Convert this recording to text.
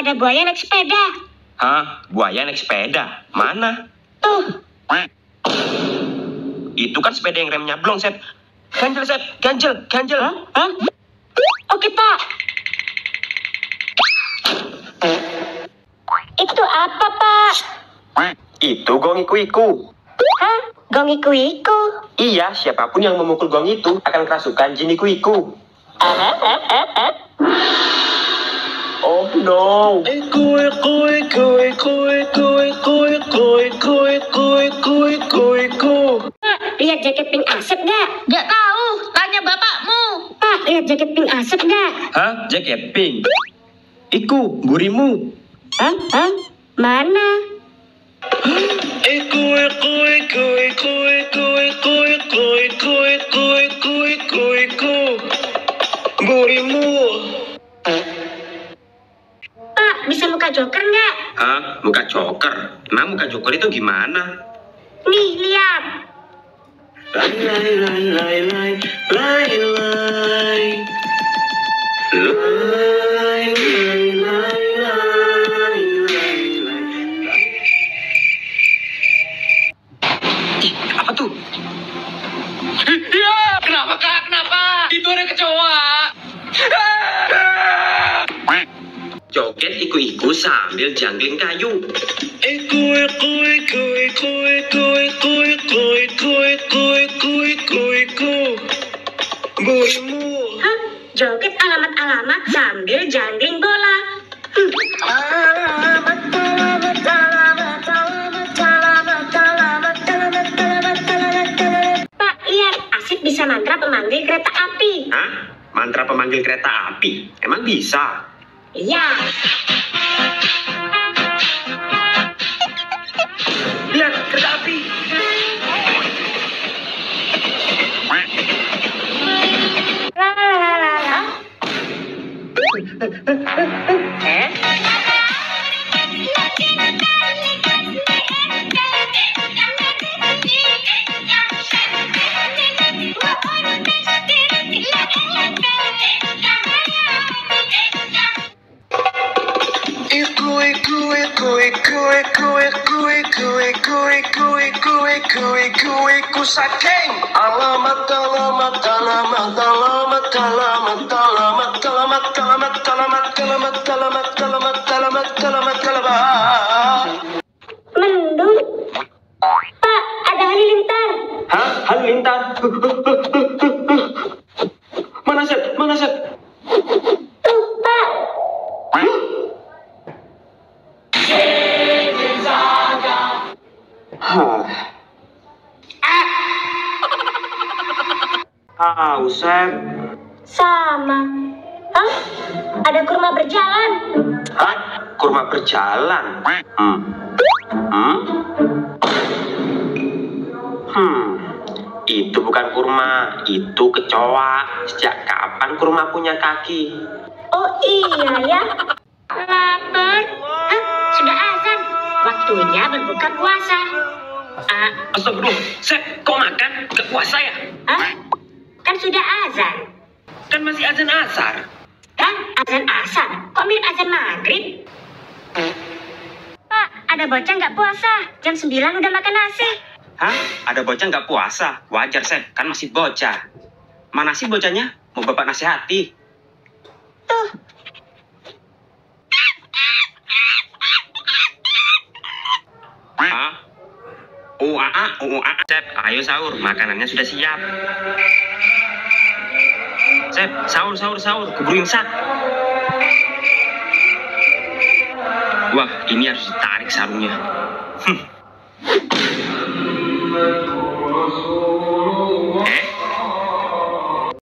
ada buaya naik sepeda. Hah? Buaya naik sepeda? Mana? Tuh. Itu kan sepeda yang remnya blong, Sep. Ganjel, Sep. Ganjel, ganjel. Hah? Hah? Oke, Pak. Itu apa, Pak? Itu gong iku-iku. Hah? Gong iku-iku? Iya, siapapun yang memukul gong itu akan kerasukan jin iku-iku. Eh, eh, eh, Oh no. Lihat jaket pink aset gak? Gak tahu. Tanya bapakmu. Pak, lihat jaket pink aset gak? Hah? Jaket pink? Iku, gurimu. Hah? Hah? Mana? Iku, iku, iku. joker nggak? Hah? Muka joker? Emang muka joker itu gimana? Nih, lihat. Lai, lai, lai, lai, lai, lai, lai. Lai, apa tuh? Iya, kenapa kak? Kenapa? Itu ada kecoa joget iku-iku sambil jangling kayu. Joget alamat-alamat sambil jangling bola. Hmm. Pak lihat asik bisa mantra pemanggil kereta api. Hah? Mantra pemanggil kereta api? Emang bisa? Yeah. La la la la. Eh? Saking alamat alamat alamat alamat alamat alamat alamat alamat alamat alamat alamat alamat alamat Hausen. Ah. Ah, Sama. Hah? Ada kurma berjalan. Hah? Kurma berjalan? Hmm. Hmm? Hmm. Itu bukan kurma, itu kecoa. Sejak kapan kurma punya kaki? Oh iya ya. Lapar. Hah? Sudah azan. Waktunya berbuka puasa. Astagfirullah, Sep, kau makan? Gak puasa ya? Hah? Kan sudah azan. Kan masih azan asar. Kan? Azan asar? Kok mirip azan maghrib? Pak, hmm. ah, ada bocah nggak puasa. Jam 9 udah makan nasi. Hah? Ada bocah nggak puasa? Wajar, Sep. Kan masih bocah. Mana sih bocahnya? Mau bapak nasihati. Tuh, UAA, UAA, cep ayo sahur, makanannya sudah siap. Cep, sahur, sahur, sahur, keburu imsak. Wah, ini harus ditarik sarungnya. Eh,